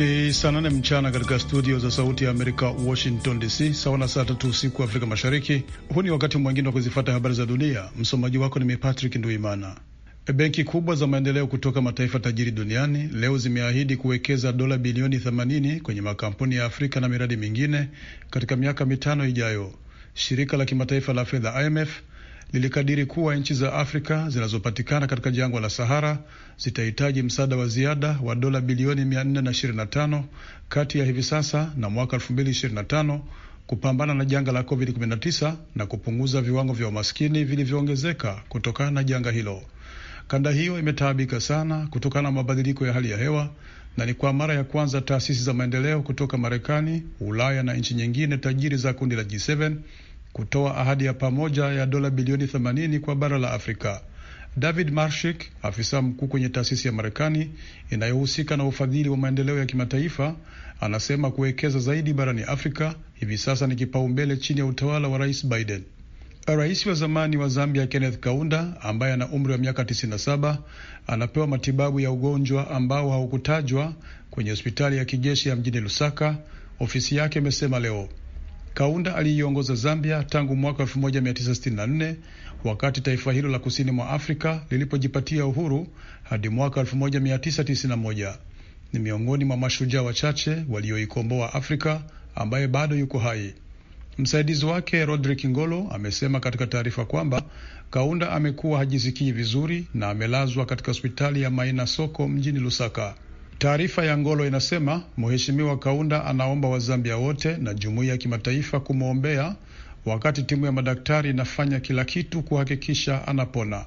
Ni saa nane mchana katika studio za Sauti ya Amerika, Washington DC, sawa na saa tatu usiku Afrika Mashariki. Huu ni wakati mwingine wa kuzifata habari za dunia. Msomaji wako ni mipatrick Patrick Nduimana. Benki kubwa za maendeleo kutoka mataifa tajiri duniani leo zimeahidi kuwekeza dola bilioni 80 kwenye makampuni ya Afrika na miradi mingine katika miaka mitano ijayo. Shirika la kimataifa la fedha IMF lilikadiri kuwa nchi za Afrika zinazopatikana katika jangwa la Sahara zitahitaji msaada wa ziada wa dola bilioni 425 kati ya hivi sasa na mwaka 2025 kupambana na janga la COVID-19 na kupunguza viwango vya umaskini vilivyoongezeka kutokana na janga hilo. Kanda hiyo imetaabika sana kutokana na mabadiliko ya hali ya hewa na ni kwa mara ya kwanza taasisi za maendeleo kutoka Marekani, Ulaya na nchi nyingine tajiri za kundi la G7 kutoa ahadi ya pamoja ya dola bilioni 80 kwa bara la Afrika. David Marshik, afisa mkuu kwenye taasisi ya Marekani inayohusika na ufadhili wa maendeleo ya kimataifa, anasema kuwekeza zaidi barani Afrika hivi sasa ni kipaumbele chini ya utawala wa Rais Biden. Rais wa zamani wa Zambia Kenneth Kaunda ambaye ana umri wa miaka 97 anapewa matibabu ya ugonjwa ambao haukutajwa kwenye hospitali ya kijeshi ya mjini Lusaka, ofisi yake imesema leo. Kaunda aliiongoza Zambia tangu mwaka 1964 wakati taifa hilo la kusini mwa Afrika lilipojipatia uhuru hadi mwaka 1991. Ni miongoni mwa mashujaa wachache walioikomboa wa Afrika ambaye bado yuko hai. Msaidizi wake Rodrick Ngolo amesema katika taarifa kwamba Kaunda amekuwa hajisikii vizuri na amelazwa katika hospitali ya Maina Soko mjini Lusaka. Taarifa ya Ngolo inasema Mheshimiwa Kaunda anaomba Wazambia wote na jumuiya ya kimataifa kumwombea wakati timu ya madaktari inafanya kila kitu kuhakikisha anapona.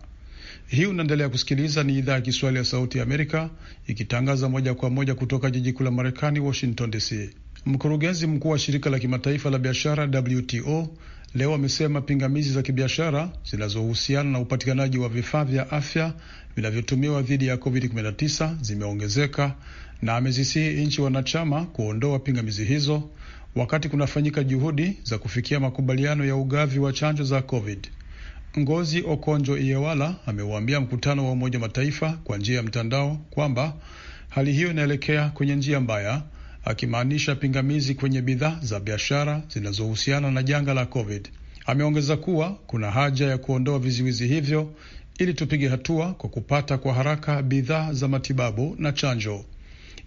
Hii unaendelea kusikiliza, ni idhaa ya Kiswahili ya Sauti ya Amerika ikitangaza moja kwa moja kutoka jiji kuu la Marekani, Washington DC. Mkurugenzi mkuu wa shirika la kimataifa la biashara WTO leo amesema pingamizi za kibiashara zinazohusiana na upatikanaji wa vifaa vya afya vinavyotumiwa dhidi ya COVID-19 zimeongezeka na amezisihi nchi wanachama kuondoa pingamizi hizo wakati kunafanyika juhudi za kufikia makubaliano ya ugavi wa chanjo za COVID. Ngozi Okonjo Iweala ameuambia mkutano wa Umoja Mataifa kwa njia ya mtandao kwamba hali hiyo inaelekea kwenye njia mbaya akimaanisha pingamizi kwenye bidhaa za biashara zinazohusiana na janga la COVID. Ameongeza kuwa kuna haja ya kuondoa vizuizi hivyo ili tupige hatua kwa kupata kwa haraka bidhaa za matibabu na chanjo.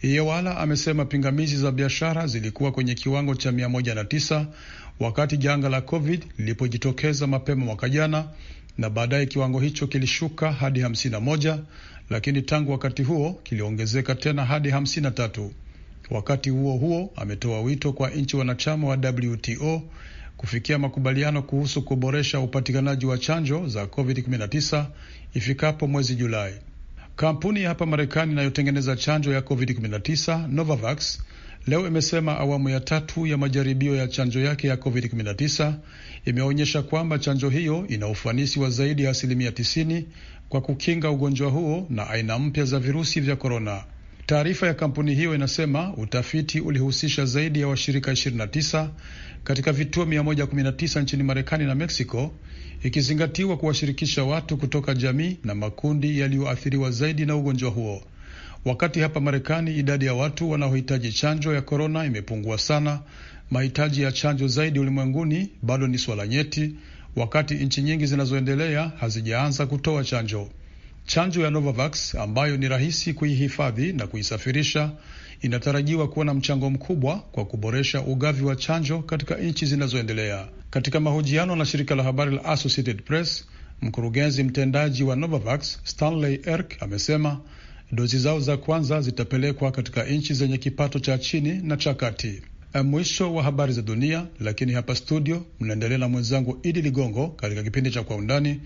Iyewala amesema pingamizi za biashara zilikuwa kwenye kiwango cha 109 wakati janga la COVID lilipojitokeza mapema mwaka jana, na baadaye kiwango hicho kilishuka hadi 51, lakini tangu wakati huo kiliongezeka tena hadi 53. Wakati huo huo, ametoa wito kwa nchi wanachama wa WTO kufikia makubaliano kuhusu kuboresha upatikanaji wa chanjo za COVID-19 ifikapo mwezi Julai. Kampuni ya hapa Marekani inayotengeneza chanjo ya COVID-19 Novavax leo imesema awamu ya tatu ya majaribio ya chanjo yake ya COVID-19 imeonyesha kwamba chanjo hiyo ina ufanisi wa zaidi ya asilimia 90 kwa kukinga ugonjwa huo na aina mpya za virusi vya korona. Taarifa ya kampuni hiyo inasema utafiti ulihusisha zaidi ya washirika 29 katika vituo 119 nchini Marekani na Meksiko, ikizingatiwa kuwashirikisha watu kutoka jamii na makundi yaliyoathiriwa zaidi na ugonjwa huo. Wakati hapa Marekani idadi ya watu wanaohitaji chanjo ya korona imepungua sana, mahitaji ya chanjo zaidi ulimwenguni bado ni swala nyeti, wakati nchi nyingi zinazoendelea hazijaanza kutoa chanjo. Chanjo ya Novavax ambayo ni rahisi kuihifadhi na kuisafirisha inatarajiwa kuwa na mchango mkubwa kwa kuboresha ugavi wa chanjo katika nchi zinazoendelea. Katika mahojiano na shirika la habari la Associated Press, mkurugenzi mtendaji wa Novavax Stanley Erk amesema dozi zao za kwanza zitapelekwa katika nchi zenye kipato cha chini na cha kati. E, mwisho wa habari za dunia, lakini hapa studio mnaendelea na mwenzangu Idi Ligongo katika kipindi cha Kwa Undani.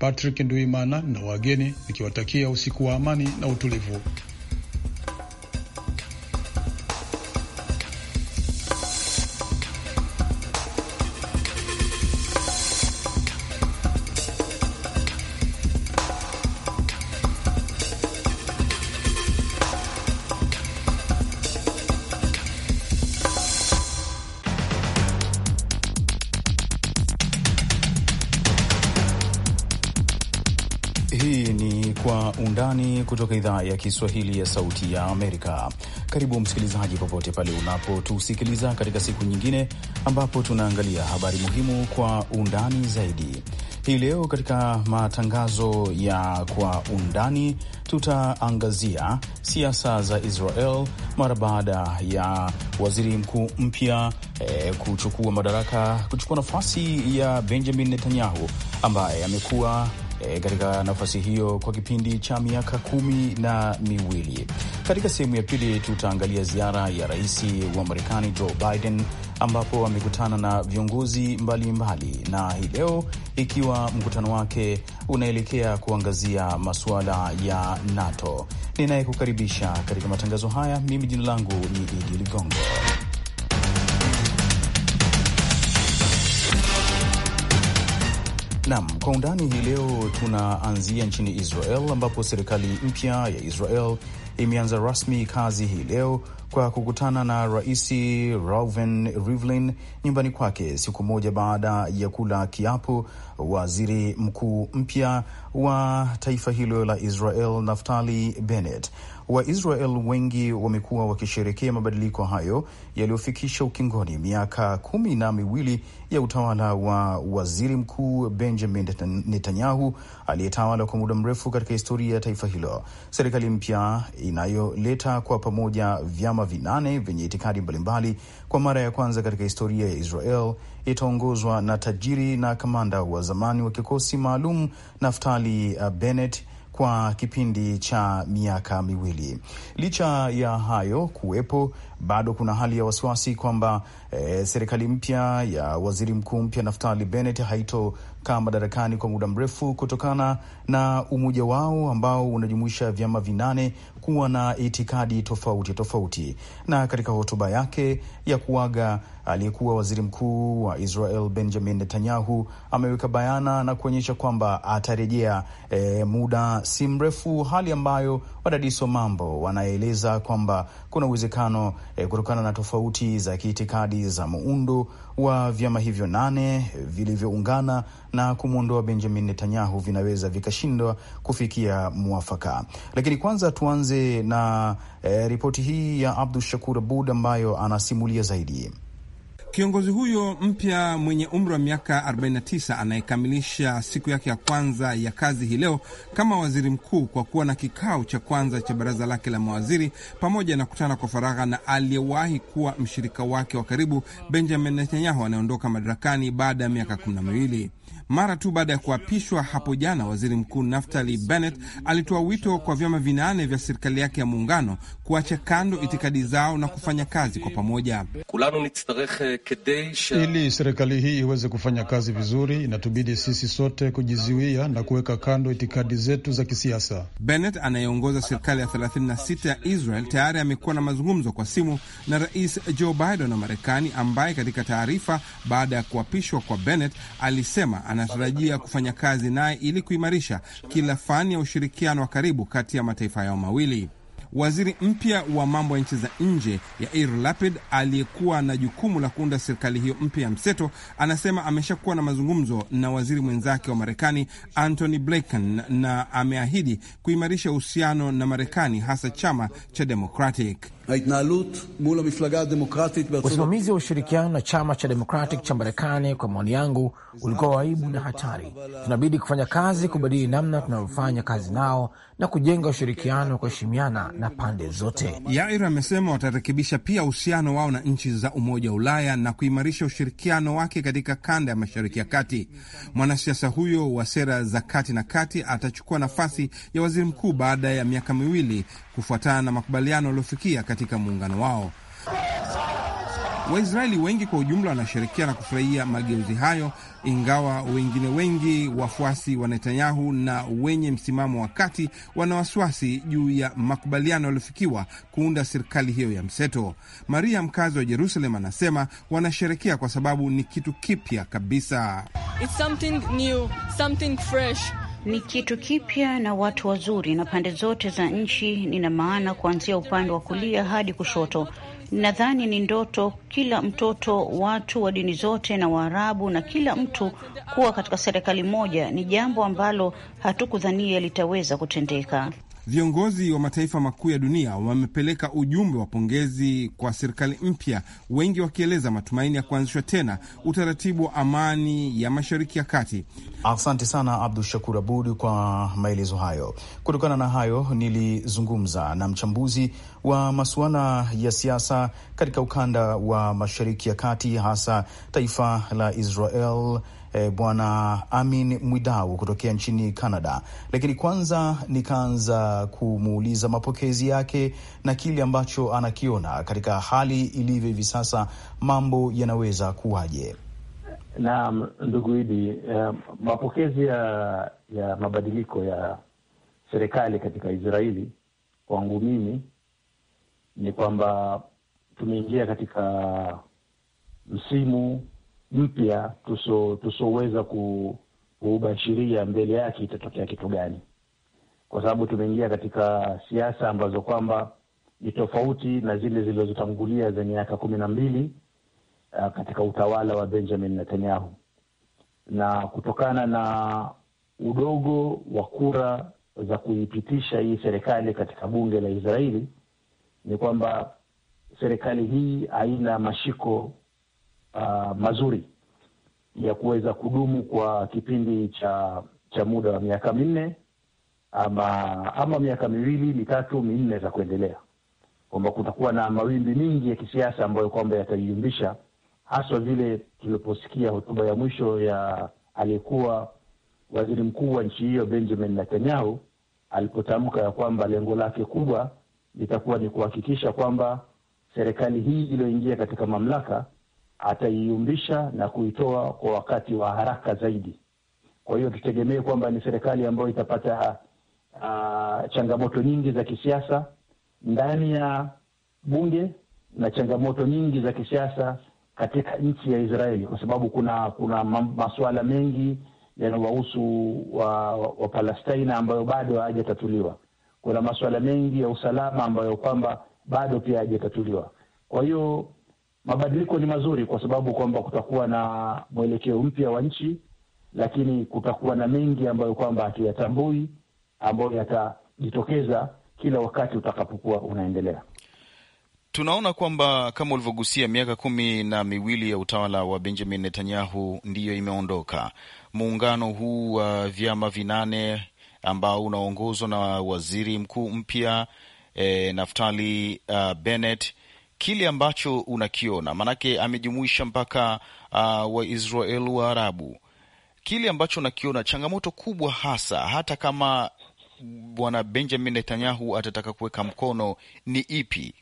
Patrick Nduimana na wageni nikiwatakia usiku wa amani na utulivu. kutoka idhaa ya Kiswahili ya Sauti ya Amerika. Karibu msikilizaji, popote pale unapotusikiliza katika siku nyingine ambapo tunaangalia habari muhimu kwa undani zaidi. Hii leo katika matangazo ya kwa undani tutaangazia siasa za Israel mara baada ya waziri mkuu mpya e, kuchukua madaraka, kuchukua nafasi ya Benjamin Netanyahu ambaye amekuwa e, katika nafasi hiyo kwa kipindi cha miaka kumi na miwili. Katika sehemu ya pili tutaangalia ziara ya rais wa Marekani Joe Biden ambapo amekutana na viongozi mbalimbali mbali, na hii leo ikiwa mkutano wake unaelekea kuangazia masuala ya NATO. Ninayekukaribisha katika matangazo haya mimi jina langu ni Idi Ligongo. Nam kwa undani hii leo tunaanzia nchini Israel ambapo serikali mpya ya Israel imeanza rasmi kazi hii leo kwa kukutana na Rais Reuven Rivlin nyumbani kwake siku moja baada ya kula kiapo waziri mkuu mpya wa taifa hilo la Israel Naftali Bennett. Waisrael wengi wamekuwa wakisherekea mabadiliko hayo yaliyofikisha ukingoni miaka kumi na miwili ya utawala wa waziri mkuu Benjamin Netanyahu aliyetawala kwa muda mrefu katika historia ya taifa hilo. Serikali mpya inayoleta kwa pamoja vyama vinane vyenye itikadi mbalimbali kwa mara ya kwanza katika historia ya Israel itaongozwa na tajiri na kamanda wa zamani wa kikosi maalum Naftali Bennett kwa kipindi cha miaka miwili. Licha ya hayo kuwepo, bado kuna hali ya wasiwasi kwamba e, serikali mpya ya waziri mkuu mpya Naftali Bennett haitokaa madarakani kwa muda mrefu kutokana na umoja wao ambao unajumuisha vyama vinane kuwa na itikadi tofauti tofauti. Na katika hotuba yake ya kuaga aliyekuwa waziri mkuu wa Israel Benjamin Netanyahu ameweka bayana na kuonyesha kwamba atarejea e, muda si mrefu, hali ambayo wadadisi wa mambo wanaeleza kwamba kuna uwezekano e, kutokana na tofauti za kiitikadi za muundo wa vyama hivyo nane vilivyoungana na kumwondoa Benjamin Netanyahu vinaweza vikashindwa kufikia mwafaka. Lakini kwanza tuanze na e, ripoti hii ya Abdu Shakur Abud ambayo anasimulia zaidi. Kiongozi huyo mpya mwenye umri wa miaka 49 anayekamilisha siku yake ya kwanza ya kazi hii leo kama waziri mkuu kwa kuwa na kikao cha kwanza cha baraza lake la mawaziri pamoja na kutana kwa faragha na aliyewahi kuwa mshirika wake wa karibu Benjamin Netanyahu anayeondoka madarakani baada ya miaka kumi na miwili. Mara tu baada ya kuapishwa hapo jana, waziri mkuu Naftali Bennett alitoa wito kwa vyama vinane vya serikali yake ya muungano kuacha kando itikadi zao na kufanya kazi kwa pamoja. Eh, Ili serikali hii iweze kufanya kazi vizuri, inatubidi sisi sote kujizuia na kuweka kando itikadi zetu za kisiasa. Bennett anayeongoza serikali ya 36 ya Israel tayari amekuwa na mazungumzo kwa simu na rais Joe Biden wa Marekani, ambaye katika taarifa baada ya kuapishwa kwa Bennett alisema anatarajia kufanya kazi naye ili kuimarisha kila fani ya ushirikiano wa karibu kati ya mataifa yao mawili. Waziri mpya wa mambo ya nchi za nje Yair Lapid, aliyekuwa na jukumu la kuunda serikali hiyo mpya ya mseto, anasema ameshakuwa na mazungumzo na waziri mwenzake wa Marekani Antony Blinken na ameahidi kuimarisha uhusiano na Marekani, hasa chama cha Democratic. Usimamizi wa ushirikiano na chama cha Democratic cha Marekani, kwa maoni yangu, ulikuwa wa aibu na hatari. Tunabidi kufanya kazi kubadili namna tunavyofanya kazi nao na kujenga ushirikiano wa kuheshimiana na pande zote. Yair amesema watarekebisha pia uhusiano wao na nchi za Umoja wa Ulaya na kuimarisha ushirikiano wake katika kanda ya Mashariki ya Kati. Mwanasiasa huyo wa sera za kati na kati atachukua nafasi ya waziri mkuu baada ya miaka miwili kufuatana na makubaliano aliofikia kati katika muungano wao. Waisraeli wengi kwa ujumla wanasherekea na kufurahia mageuzi hayo, ingawa wengine wengi wafuasi wa Netanyahu na wenye msimamo wa kati wana wasiwasi juu ya makubaliano yaliyofikiwa kuunda serikali hiyo ya mseto. Maria, mkazi wa Jerusalem, anasema wanasherekea kwa sababu ni kitu kipya kabisa. It's something new, something fresh ni kitu kipya na watu wazuri na pande zote za nchi, nina maana kuanzia upande wa kulia hadi kushoto. Nadhani ni ndoto kila mtoto, watu wa dini zote na Waarabu na kila mtu kuwa katika serikali moja, ni jambo ambalo hatukudhania litaweza kutendeka. Viongozi wa mataifa makuu ya dunia wamepeleka ujumbe wa pongezi kwa serikali mpya, wengi wakieleza matumaini ya kuanzishwa tena utaratibu wa amani ya Mashariki ya Kati. Asante sana Abdu Shakur Abud kwa maelezo hayo. Kutokana na hayo, nilizungumza na mchambuzi wa masuala ya siasa katika ukanda wa Mashariki ya Kati, hasa taifa la Israel eh, Bwana Amin Mwidau kutokea nchini Canada. Lakini kwanza nikaanza kumuuliza mapokezi yake na kile ambacho anakiona katika hali ilivyo hivi sasa, mambo yanaweza kuwaje? Naam, ndugu Idi, uh, mapokezi ya, ya mabadiliko ya serikali katika Israeli kwangu mimi ni kwamba tumeingia katika msimu mpya tusoweza ku, kuubashiria mbele yake itatokea kitu gani, kwa sababu tumeingia katika siasa ambazo kwamba ni tofauti na zile zilizotangulia za miaka kumi na mbili ah, katika utawala wa Benjamin Netanyahu, na kutokana na udogo wa kura za kuipitisha hii serikali katika bunge la Israeli ni kwamba serikali hii haina mashiko uh, mazuri ya kuweza kudumu kwa kipindi cha cha muda wa miaka minne ama ama miaka miwili mitatu minne za kuendelea, kwamba kutakuwa na mawimbi mingi ya kisiasa ambayo kwamba yataiumbisha, haswa vile tuliposikia hotuba ya mwisho ya aliyekuwa waziri mkuu wa nchi hiyo Benjamin Netanyahu alipotamka ya kwamba lengo lake kubwa litakuwa ni kuhakikisha kwamba serikali hii iliyoingia katika mamlaka ataiumbisha na kuitoa kwa wakati wa haraka zaidi. Kwa hiyo tutegemee kwamba ni serikali ambayo itapata uh, changamoto nyingi za kisiasa ndani ya bunge na changamoto nyingi za kisiasa katika nchi ya Israeli, kwa sababu kuna kuna masuala mengi yanawahusu Wapalestina wa, wa ambayo bado hajatatuliwa. Kuna masuala mengi ya usalama ambayo kwamba bado pia hajatatuliwa. Kwa hiyo Mabadiliko ni mazuri kwa sababu kwamba kutakuwa na mwelekeo mpya wa nchi, lakini kutakuwa na mengi ambayo kwamba hatuyatambui, ambayo yatajitokeza kila wakati utakapokuwa unaendelea. Tunaona kwamba kama ulivyogusia, miaka kumi na miwili ya utawala wa Benjamin Netanyahu ndiyo imeondoka. Muungano huu wa uh, vyama vinane ambao unaongozwa na waziri mkuu mpya eh, Naftali uh, Bennett kile ambacho unakiona, maanake amejumuisha mpaka uh, Waisrael arabu kile ambacho unakiona changamoto kubwa hasa, hata kama bwana Benjamin Netanyahu atataka kuweka mkono, ni ipi?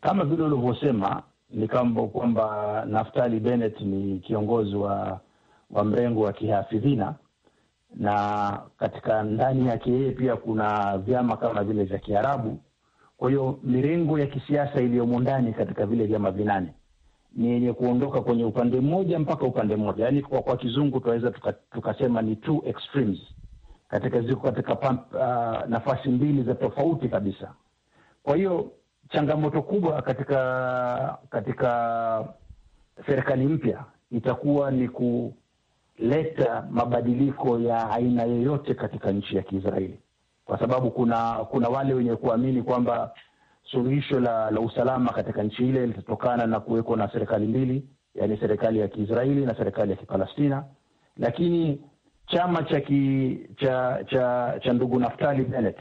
Kama vile ulivyosema ni kambo kwamba Naftali Bennett ni kiongozi wa wa mrengo wa kihafidhina na katika ndani yake yeye pia kuna vyama kama vile vya Kiarabu kwa hiyo mirengo ya kisiasa iliyomo ndani katika vile vyama vinane ni yenye kuondoka kwenye upande mmoja mpaka upande mmoja, yaani kwa, kwa kizungu tunaweza tukasema tuka ni two extremes katika ziko katika pump, uh, ah, nafasi mbili za tofauti kabisa. Kwa hiyo changamoto kubwa katika katika serikali mpya itakuwa ni kuleta mabadiliko ya aina yoyote katika nchi ya Kiisraeli kwa sababu kuna kuna wale wenye kuamini kwamba suluhisho la, la usalama katika nchi ile litatokana na kuwekwa na serikali mbili, yaani serikali ya Kiisraeli na serikali ya Kipalestina, lakini chama cha ki, cha cha cha ndugu Naftali Bennett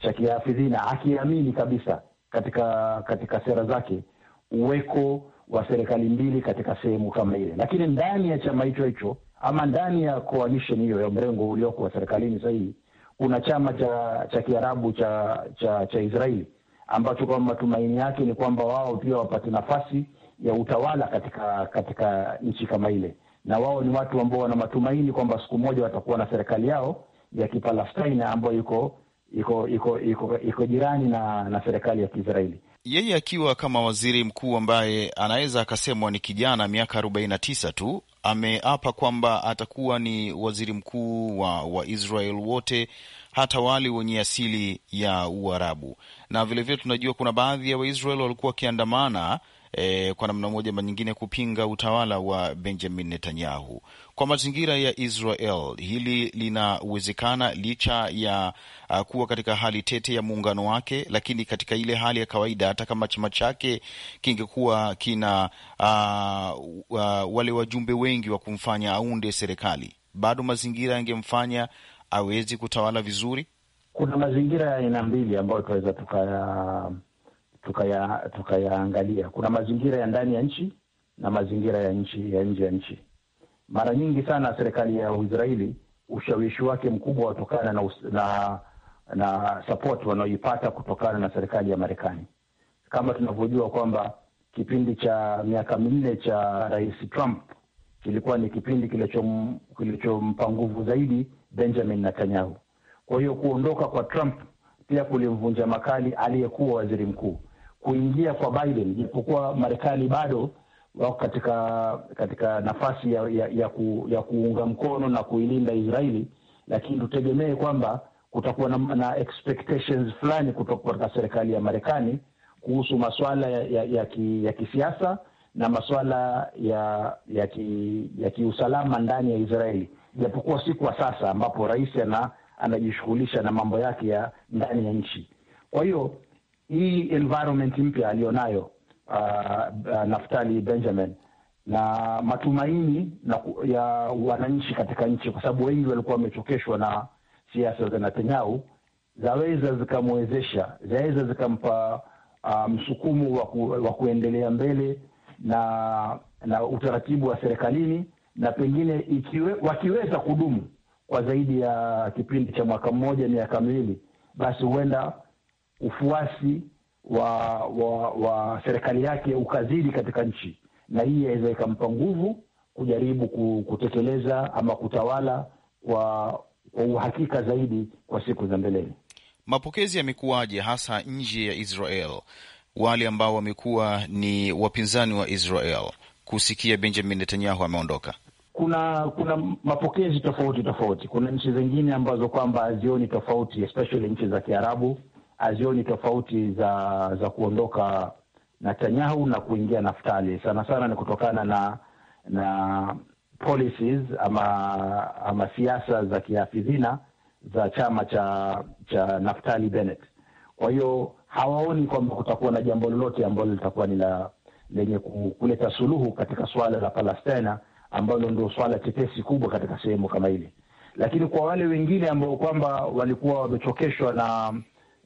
cha kiafidhina akiamini kabisa katika katika sera zake uweko wa serikali mbili katika sehemu kama ile, lakini ndani ya chama hicho hicho ama ndani ya coalition hiyo ya mrengo ulioko wa serikalini sahihi, kuna chama cha cha Kiarabu cha cha cha Israeli ambacho kwa matumaini yake ni kwamba wao pia wapate nafasi ya utawala katika katika nchi kama ile, na wao ni watu ambao wana matumaini kwamba siku moja watakuwa na serikali yao ya Kipalestina ambayo iko iko iko iko jirani na na serikali ya Kiisraeli yeye akiwa kama waziri mkuu ambaye anaweza akasemwa ni kijana miaka 49 tu, ameapa kwamba atakuwa ni waziri mkuu wa israel wote hata wale wenye asili ya Uarabu. Na vilevile tunajua kuna baadhi ya Waisrael walikuwa wakiandamana e, kwa namna moja ama nyingine kupinga utawala wa Benjamin Netanyahu. Kwa mazingira ya Israel hili linawezekana licha ya uh, kuwa katika hali tete ya muungano wake, lakini katika ile hali ya kawaida, hata kama chama chake kingekuwa kina uh, uh, wale wajumbe wengi wa kumfanya aunde serikali, bado mazingira yangemfanya awezi kutawala vizuri? Kuna mazingira ya aina mbili ambayo tunaweza tukayaangalia, tukayaangalia tuka Kuna mazingira ya ndani ya nchi na mazingira ya nchi ya nje ya nchi. Mara nyingi sana serikali ya Uisraeli ushawishi wake mkubwa watokana na, na, na support wanaoipata kutokana na serikali ya Marekani. Kama tunavyojua kwamba kipindi cha miaka minne cha Rais Trump kilikuwa ni kipindi kilichompa nguvu zaidi Benjamin Netanyahu. Kwa hiyo kuondoka kwa Trump pia kulimvunja makali aliyekuwa waziri mkuu. Kuingia kwa Biden, japokuwa Marekani bado wako katika katika nafasi ya, ya, ya, ku, ya kuunga mkono na kuilinda Israeli, lakini tutegemee kwamba kutakuwa na, na expectations fulani kutoka katika serikali ya Marekani kuhusu masuala ya, ya, ya, ki, ya kisiasa na masuala ya ya kiusalama ya ki ndani ya Israeli japokuwa si kwa sasa ambapo rais ana anajishughulisha na mambo yake ya ndani ya nchi. Kwa hiyo hii environment mpya aliyonayo uh, ah, uh, ah, Naftali Benjamin na matumaini na, ya wananchi katika nchi, kwa sababu wengi walikuwa wamechokeshwa na siasa za Netanyahu, zaweza zikamwezesha, zaweza zikampa uh, msukumo wa kuendelea mbele na na utaratibu wa serikalini na pengine ikiwe, wakiweza kudumu kwa zaidi ya kipindi cha mwaka mmoja miaka miwili, basi huenda ufuasi wa, wa, wa serikali yake ukazidi katika nchi, na hii yaweza ikampa nguvu kujaribu kutekeleza ama kutawala kwa, kwa uhakika zaidi kwa siku za mbeleni. Mapokezi yamekuwaje hasa nje ya Israel, wale ambao wamekuwa ni wapinzani wa Israel? kusikia Benjamin Netanyahu ameondoka? Kuna kuna mapokezi tofauti tofauti. Kuna nchi zingine ambazo kwamba hazioni tofauti, especially nchi za Kiarabu hazioni tofauti za za kuondoka Netanyahu na kuingia Naftali. Sana sana ni kutokana na na policies ama ama siasa za kiafidhina za chama cha cha Naftali Bennett. Kwa hiyo hawaoni kwamba kutakuwa na jambo lolote ambalo litakuwa ni la lenye kuleta suluhu katika suala la Palestina ambalo ndio swala tetesi kubwa katika sehemu kama ile. Lakini kwa wale wengine ambao kwamba walikuwa wamechokeshwa na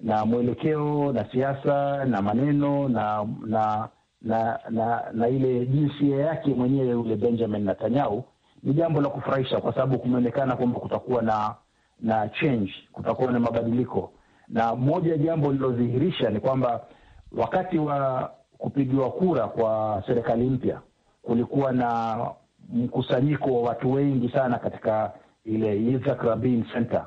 na mwelekeo na siasa na maneno na na na, na, na ile jinsia yake mwenyewe yule Benjamin Netanyahu, ni jambo la kufurahisha kwa sababu kumeonekana kwamba kutakuwa na na change, kutakuwa na mabadiliko, na moja jambo lilodhihirisha ni kwamba wakati wa kupigiwa kura kwa serikali mpya, kulikuwa na mkusanyiko wa watu wengi sana katika ile Yitzhak Rabin Center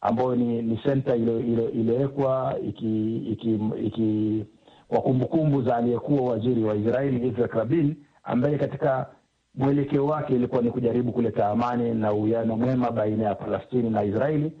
ambayo ni, ni senta iliyowekwa iki, iki, iki kwa kumbukumbu za aliyekuwa waziri wa Israeli Yitzhak Rabin ambaye katika mwelekeo wake ilikuwa ni kujaribu kuleta amani na uwiano mwema baina ya Palestini na Israeli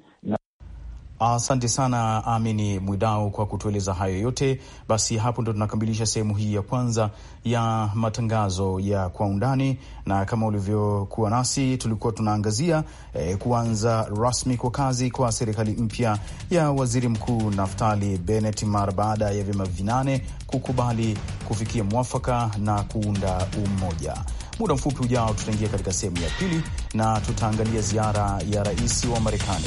Asante sana Amini Mwidau kwa kutueleza hayo yote. Basi hapo ndo tunakamilisha sehemu hii ya kwanza ya matangazo ya kwa undani, na kama ulivyokuwa nasi tulikuwa tunaangazia eh, kuanza rasmi kwa kazi kwa serikali mpya ya waziri mkuu Naftali Bennett mara baada ya vyama vinane kukubali kufikia mwafaka na kuunda umoja. Muda mfupi ujao tutaingia katika sehemu ya pili na tutaangalia ziara ya rais wa Marekani.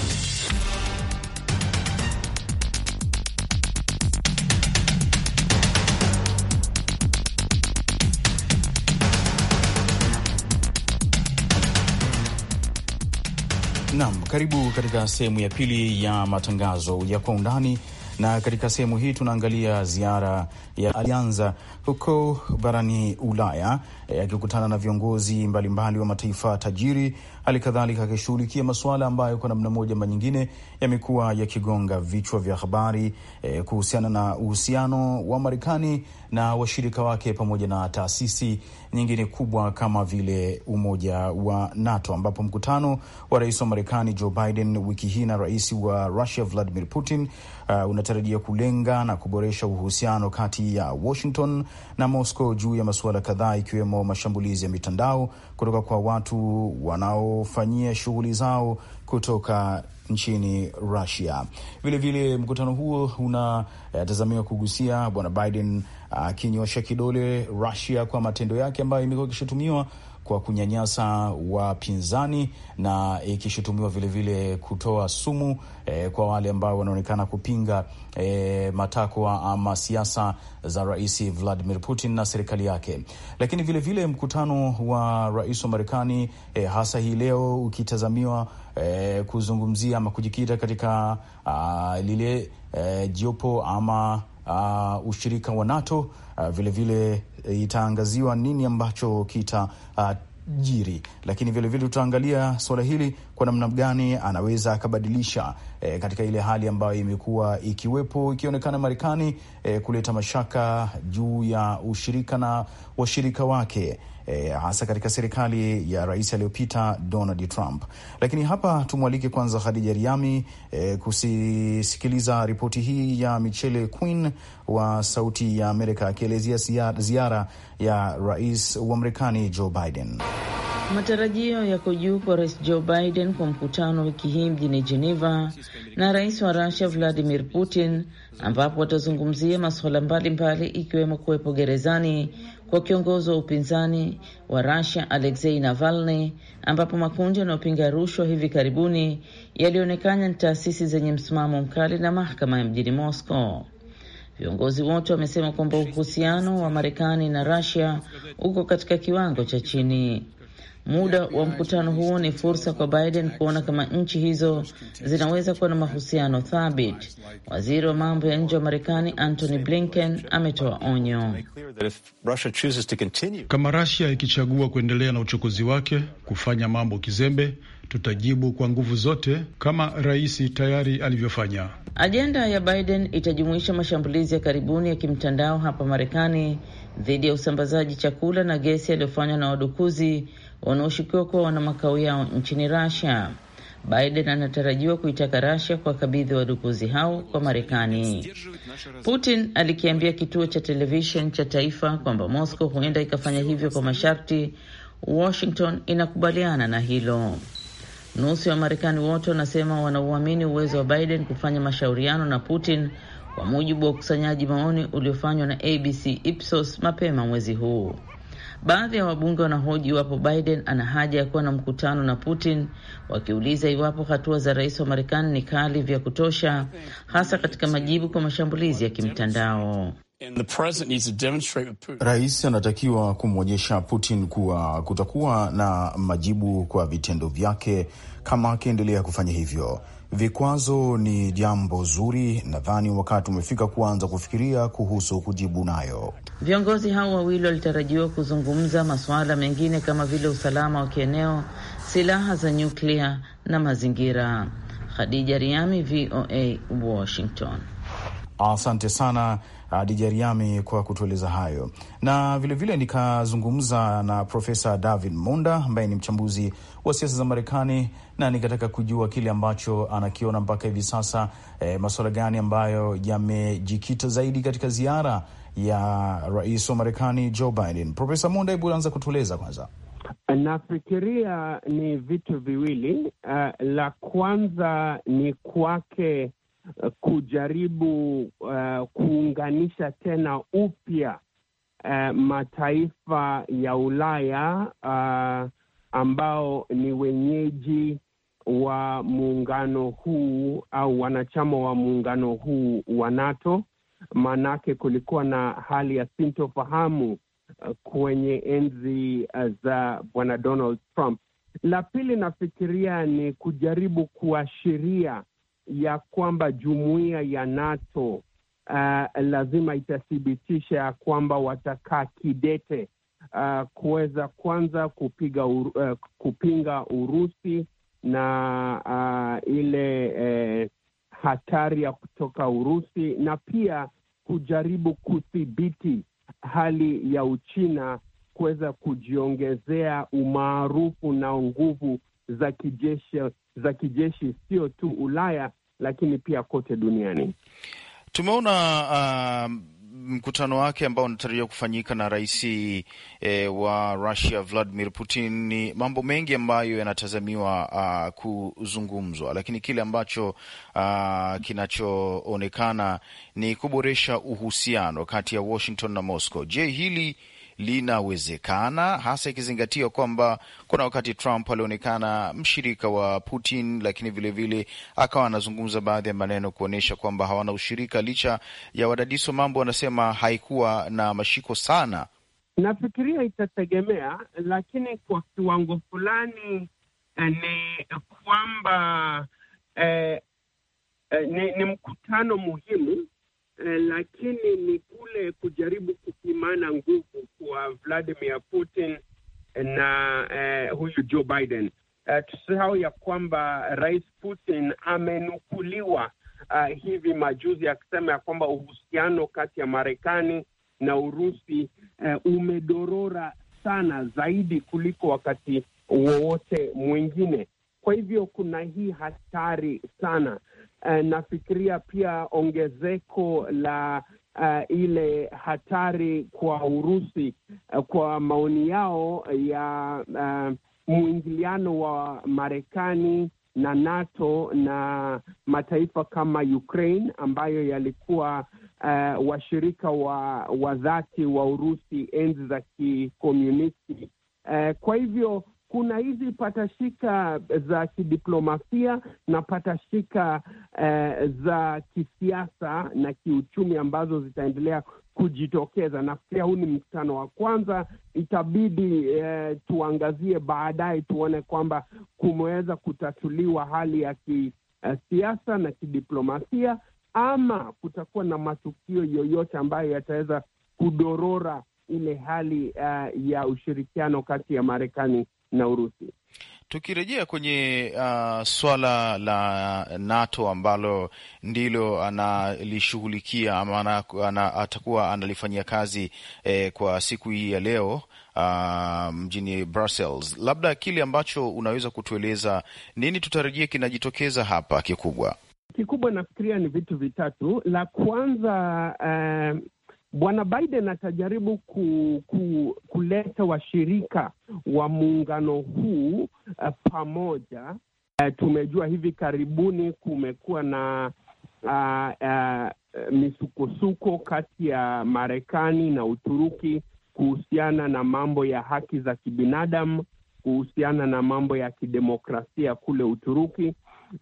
Nam, karibu katika sehemu ya pili ya matangazo ya kwa undani, na katika sehemu hii tunaangalia ziara ya Alianza huko barani Ulaya Eh, akikutana na viongozi mbalimbali mbali wa mataifa tajiri, hali kadhalika akishughulikia masuala ambayo kwa namna moja ama nyingine yamekuwa yakigonga vichwa vya habari e, kuhusiana na uhusiano wa Marekani na washirika wake pamoja na taasisi nyingine kubwa kama vile Umoja wa NATO, ambapo mkutano wa rais wa Marekani Joe Biden wiki hii na rais wa Russia Vladimir Putin uh, unatarajia kulenga na kuboresha uhusiano kati ya Washington na Moscow juu ya masuala kadhaa ikiwemo au mashambulizi ya mitandao kutoka kwa watu wanaofanyia shughuli zao kutoka nchini Russia. Vilevile mkutano huo unatazamiwa kugusia bwana Biden akinyosha kidole Russia kwa matendo yake ambayo imekuwa ikishutumiwa kwa kunyanyasa wapinzani na ikishutumiwa vilevile kutoa sumu e, kwa wale ambao wanaonekana kupinga e, matakwa ama siasa za Rais Vladimir Putin na serikali yake. Lakini vilevile vile mkutano wa rais wa Marekani e, hasa hii leo ukitazamiwa e, kuzungumzia ama kujikita katika a, lile e, jopo ama uh, ushirika wa NATO. Uh, vilevile eh, itaangaziwa nini ambacho kita uh, jiri lakini vilevile tutaangalia suala hili kwa namna gani anaweza akabadilisha e, katika ile hali ambayo imekuwa ikiwepo ikionekana Marekani e, kuleta mashaka juu ya ushirika na washirika wake e, hasa katika serikali ya rais aliyopita Donald Trump. Lakini hapa tumwalike kwanza Khadija Riami e, kusisikiliza ripoti hii ya Michele Quinn wa Sauti ya Amerika akielezea ziara ya rais wa Marekani Joe Biden. Matarajio yako juu kwa Rais Joe Biden kwa mkutano wiki hii mjini Geneva na rais wa Rusia Vladimir Putin, ambapo watazungumzia masuala mbalimbali ikiwemo kuwepo gerezani kwa kiongozi wa upinzani wa Rusia Alexei Navalny, ambapo makundi yanayopinga rushwa hivi karibuni yalionekana ni taasisi zenye msimamo mkali na mahakama ya mjini Moscow. Viongozi wote wamesema kwamba uhusiano wa Marekani na Rusia uko katika kiwango cha chini. Muda wa mkutano huo ni fursa kwa Biden kuona kama nchi hizo zinaweza kuwa na mahusiano thabiti. Waziri wa mambo ya nje wa Marekani Antony Blinken ametoa onyo, kama rasia ikichagua kuendelea na uchokozi wake, kufanya mambo kizembe tutajibu kwa nguvu zote kama rais tayari alivyofanya. Ajenda ya Biden itajumuisha mashambulizi ya karibuni ya kimtandao hapa Marekani dhidi ya usambazaji chakula na gesi yaliyofanywa na wadukuzi wanaoshukiwa kuwa wana makao yao nchini Russia. Biden anatarajiwa kuitaka Russia kuwakabidhi wadukuzi hao kwa Marekani. Putin alikiambia kituo cha televishen cha taifa kwamba Moscow huenda ikafanya hivyo kwa masharti Washington inakubaliana na hilo. Nusu ya Wamarekani wote wanasema wanauamini uwezo wa Biden kufanya mashauriano na Putin, kwa mujibu wa ukusanyaji maoni uliofanywa na ABC Ipsos mapema mwezi huu. Baadhi ya wabunge wanahoji iwapo Biden ana haja ya kuwa na mkutano na Putin, wakiuliza iwapo hatua za rais wa Marekani ni kali vya kutosha, hasa katika majibu kwa mashambulizi ya kimtandao. Rais anatakiwa kumwonyesha Putin kuwa kutakuwa na majibu kwa vitendo vyake kama akiendelea kufanya hivyo. Vikwazo ni jambo zuri, nadhani wakati umefika kuanza kufikiria kuhusu kujibu nayo. Viongozi hao wawili walitarajiwa kuzungumza masuala mengine kama vile usalama wa kieneo, silaha za nyuklia na mazingira. Khadija Riami, VOA, Washington. Asante sana Adija uh, Riami kwa kutueleza hayo, na vilevile nikazungumza na Profesa David Monda ambaye ni mchambuzi wa siasa za Marekani, na nikataka kujua kile ambacho anakiona mpaka hivi sasa, eh, masuala gani ambayo yamejikita zaidi katika ziara ya rais wa Marekani Joe Biden. Profesa Monda, hebu anza kutueleza kwanza. Nafikiria ni vitu viwili. Uh, la kwanza ni kwake Eh, kujaribu uh, kuunganisha tena upya uh, mataifa ya Ulaya uh, ambao ni wenyeji wa muungano huu au wanachama wa muungano huu wa NATO. Maanake kulikuwa na hali ya sintofahamu kwenye enzi za bwana Donald Trump. La pili nafikiria ni kujaribu kuashiria ya kwamba jumuiya ya NATO uh, lazima itathibitisha ya kwamba watakaa kidete uh, kuweza kwanza kupiga uh, kupinga Urusi na uh, ile uh, hatari ya kutoka Urusi na pia kujaribu kudhibiti hali ya Uchina kuweza kujiongezea umaarufu na nguvu za kijeshi za kijeshi sio tu Ulaya lakini pia kote duniani. Tumeona uh, mkutano wake ambao unatarajiwa kufanyika na rais eh, wa Russia Vladimir Putin, ni mambo mengi ambayo yanatazamiwa uh, kuzungumzwa, lakini kile ambacho uh, kinachoonekana ni kuboresha uhusiano kati ya Washington na Moscow. Je, hili linawezekana, hasa ikizingatia kwamba kuna wakati Trump alionekana mshirika wa Putin, lakini vilevile akawa anazungumza baadhi ya maneno kuonyesha kwamba hawana ushirika, licha ya wadadisi wa mambo wanasema haikuwa na mashiko sana. Nafikiria itategemea, lakini kwa kiwango fulani eh, ni kwamba eh, eh, ni, ni mkutano muhimu eh, lakini ni kule kujaribu kupimana nguvu kwa Vladimir Putin eh, na eh, huyu Joe Biden. Eh, tusahau ya kwamba Rais Putin amenukuliwa Uh, hivi majuzi akisema ya kwamba uhusiano kati ya Marekani na Urusi uh, umedorora sana zaidi kuliko wakati wowote mwingine. Kwa hivyo kuna hii hatari sana Eh, nafikiria pia ongezeko la Uh, ile hatari kwa Urusi uh, kwa maoni yao ya uh, mwingiliano wa Marekani na NATO na mataifa kama Ukraine ambayo yalikuwa uh, washirika wa, wa dhati wa Urusi enzi za kikomunisti. Uh, kwa hivyo kuna hizi patashika za kidiplomasia na patashika eh, za kisiasa na kiuchumi ambazo zitaendelea kujitokeza. Nafikiria huu ni mkutano wa kwanza, itabidi eh, tuangazie baadaye, tuone kwamba kumeweza kutatuliwa hali ya kisiasa na kidiplomasia, ama kutakuwa na matukio yoyote ambayo yataweza kudorora ile hali uh, ya ushirikiano kati ya Marekani na Urusi. Tukirejea kwenye uh, swala la NATO ambalo ndilo analishughulikia ama ana, atakuwa analifanyia kazi eh, kwa siku hii ya leo uh, mjini Brussels, labda kile ambacho unaweza kutueleza nini tutarajia kinajitokeza hapa kikubwa? Kikubwa nafikiria ni vitu vitatu. La kwanza uh, Bwana Biden atajaribu ku, ku, kuleta washirika wa muungano huu uh, pamoja. Uh, tumejua hivi karibuni kumekuwa na uh, uh, misukosuko kati ya Marekani na Uturuki kuhusiana na mambo ya haki za kibinadamu, kuhusiana na mambo ya kidemokrasia kule Uturuki.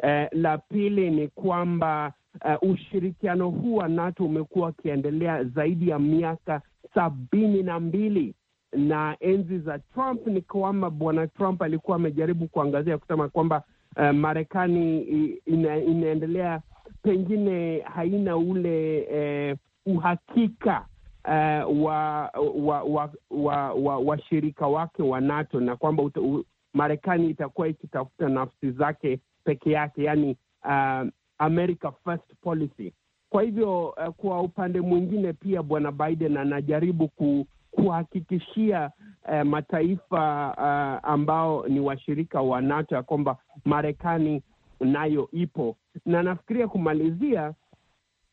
Uh, la pili ni kwamba uh, ushirikiano huu wa NATO umekuwa ukiendelea zaidi ya miaka sabini na mbili na enzi za Trump ni kwamba bwana Trump alikuwa amejaribu kuangazia kusema kwamba uh, Marekani ina, inaendelea pengine haina ule uh, uhakika uh, wa, wa, wa, wa, wa washirika wake wa NATO na kwamba Marekani itakuwa ikitafuta nafsi zake peke yake, yani uh, America First policy. Kwa hivyo uh, kwa upande mwingine pia bwana Biden anajaribu ku, kuhakikishia uh, mataifa uh, ambao ni washirika wa NATO ya kwamba Marekani nayo ipo, na nafikiria kumalizia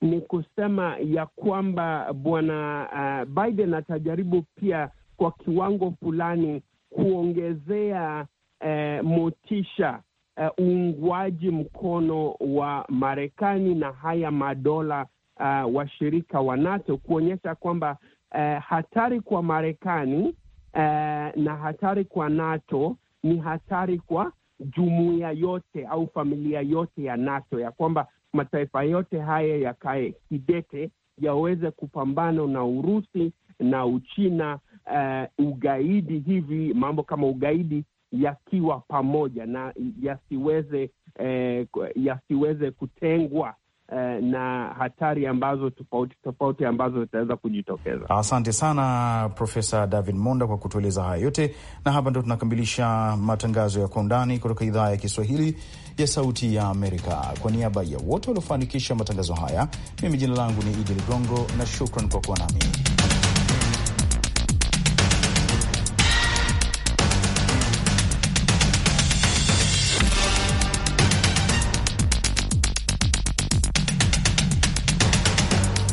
ni kusema ya kwamba bwana uh, Biden atajaribu pia kwa kiwango fulani kuongezea uh, motisha Uh, uungwaji mkono wa Marekani na haya madola uh, washirika wa NATO kuonyesha kwamba uh, hatari kwa Marekani uh, na hatari kwa NATO ni hatari kwa jumuiya yote au familia yote ya NATO, ya kwamba mataifa yote haya yakae kidete yaweze kupambana na Urusi na Uchina, uh, ugaidi hivi mambo kama ugaidi yakiwa pamoja na yasiweze eh, yasiweze kutengwa eh, na hatari ambazo tofauti tofauti ambazo zitaweza kujitokeza. Asante sana Profesa David Monda kwa kutueleza haya yote, na hapa ndo tunakamilisha matangazo ya Kwa Undani kutoka idhaa ya Kiswahili ya Sauti ya Amerika. Kwa niaba ya wote waliofanikisha matangazo haya, mimi jina langu ni Idi Ligongo na shukran kwa kuwa nami.